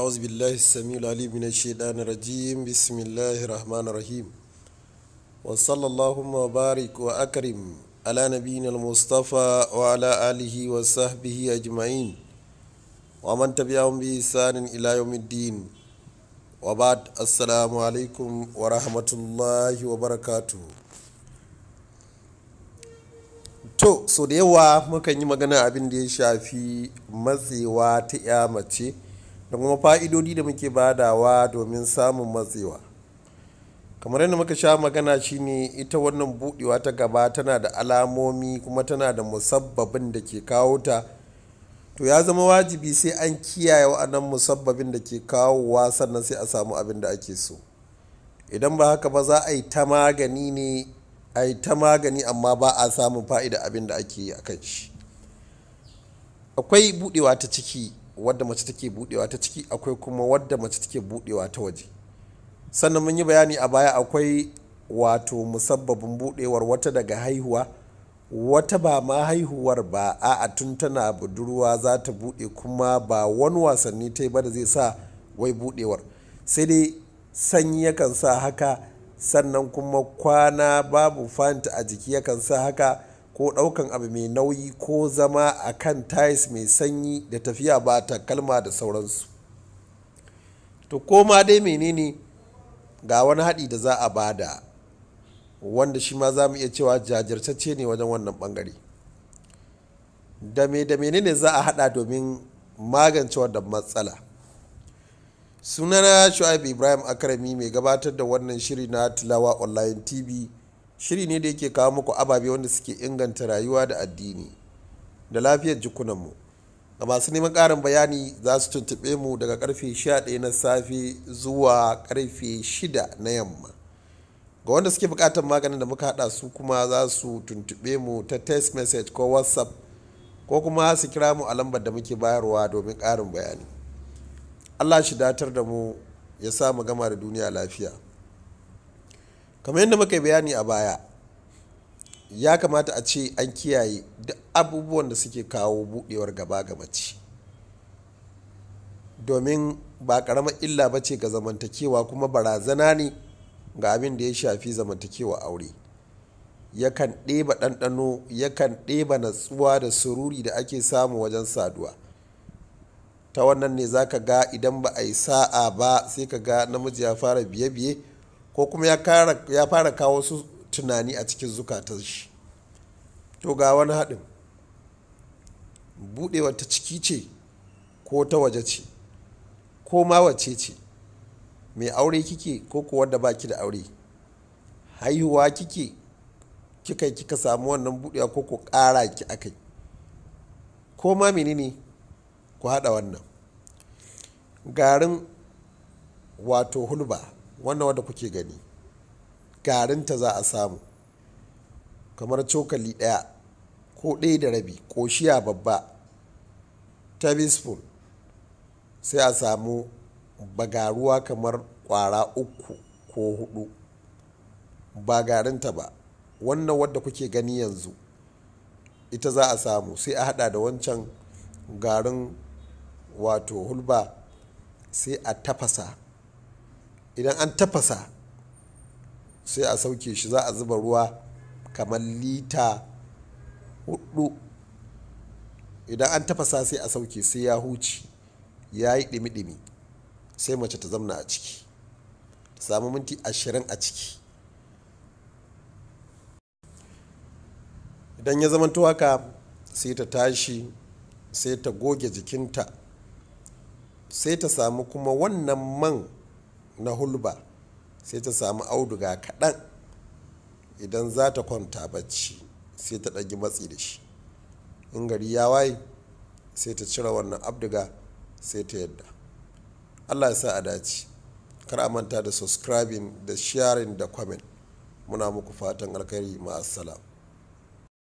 أعوذ بالله السميع العليم من الشيطان الرجيم بسم الله الرحمن الرحيم وصلى اللهم وبارك وأكرم على نبينا المصطفى وعلى آله وصحبه أجمعين ومن تبعهم بإحسان إلى يوم الدين وبعد السلام عليكم ورحمة الله وبركاته to so da yawa mukan yi magana abin da ya shafi matsewa ta ya mace da kuma fa'idodi da muke badawa domin samun matsewa kamar yadda muka sha magana shine ita wannan budewa ta gaba tana da alamomi kuma tana da musabbabin da ke kawo ta to ya zama wajibi sai an kiyaye wa'annan musabbabin da ke kawowa sannan sai a samu abin da ake so idan ba haka ba za a yi ta magani ne a yi ta magani amma ba a samun fa'ida abin da ake yi a kan shi akwai budewa ta ciki wadda mace take budewa ta ciki akwai kuma wadda mace take budewa ta waje sannan mun yi bayani a baya akwai wato musabbabin budewar wata daga haihuwa wata ba ma haihuwar ba a tun tana budurwa za ta bude kuma ba wani wasanni ta ba da zai sa wai budewar sai dai sanyi yakan sa haka sannan kuma kwana babu fanta a jiki yakan sa haka ko ɗaukan abu mai nauyi ko zama a kan tais mai sanyi da tafiya ba ta kalma da sauransu to koma dai menene ga wani haɗi da za a bada wanda shi ma za mu iya cewa jajirtacce ne wajen wannan bangare da me da menene za a haɗa domin magance wannan matsala sunana shu'aib ibrahim Akrami, mai gabatar da wannan shiri na tilawa online tv shiri ne da yake kawo muku ababe wanda suke inganta rayuwa da addini da lafiyar jikunanmu ga masu neman karin bayani za su tuntuɓe mu daga karfe 11 na safe zuwa karfe 6 na yamma ga wanda suke buƙatar maganin da muka haɗa su kuma za su tuntuɓe mu ta text message ko whatsapp ko kuma su kira mu a lambar da muke bayarwa domin ƙarin bayani allah shi datar da mu ya sa mu gama da duniya lafiya kamar yadda muka bayani a baya ya kamata a ce an kiyaye duk abubuwan da suke kawo buɗewar gaba ga mace domin ba ƙaramar illa ba ce ga zamantakewa kuma barazana ne ga abin da ya shafi zamantakewa aure yakan ɗeba ɗanɗano yakan ɗeba natsuwa da sururi da ake samu wajen saduwa ta wannan ne za ka ga idan ba a yi sa'a ba sai ka ga namiji ya fara biye-biye ko kuma ya fara kawo su tunani a cikin zukatar shi to ga wani haɗin buɗewar ta ciki ce ko ta waje ce ko ma wace ce mai aure kike ko ku wanda baki da aure haihuwa kike kika kika samu wannan buɗewa ko ku ƙara ki akai ko ma menene ku haɗa wannan garin wato hulba wannan wanda kuke gani garinta za a samu kamar cokali ɗaya ko ɗaya da rabi ko shiya babba tablespoon sai a samu bagaruwa kamar kwara uku ko hudu ba garinta ba wannan wadda kuke gani yanzu ita za a samu sai a hada da wancan garin wato hulba sai a tafasa idan an tafasa sai a sauke shi za a zuba ruwa kamar lita hudu idan an tafasa sai a sauke sai ya huci ya yi ɗimi-ɗimi sai mace ta zamna a ciki ta samu minti ashirin a ciki idan ya zama haka sai ta tashi sai ta goge jikinta sai ta samu kuma wannan man na hulba sai ta samu auduga kaɗan idan za ta kwanta bacci sai ta ɗagi matsi da shi in gari ya waye sai ta cire wannan abduga sai ta yadda allah ya sa a dace kar a manta da subscribing da sharing da comment muna muku fatan alkhairi ma'asalam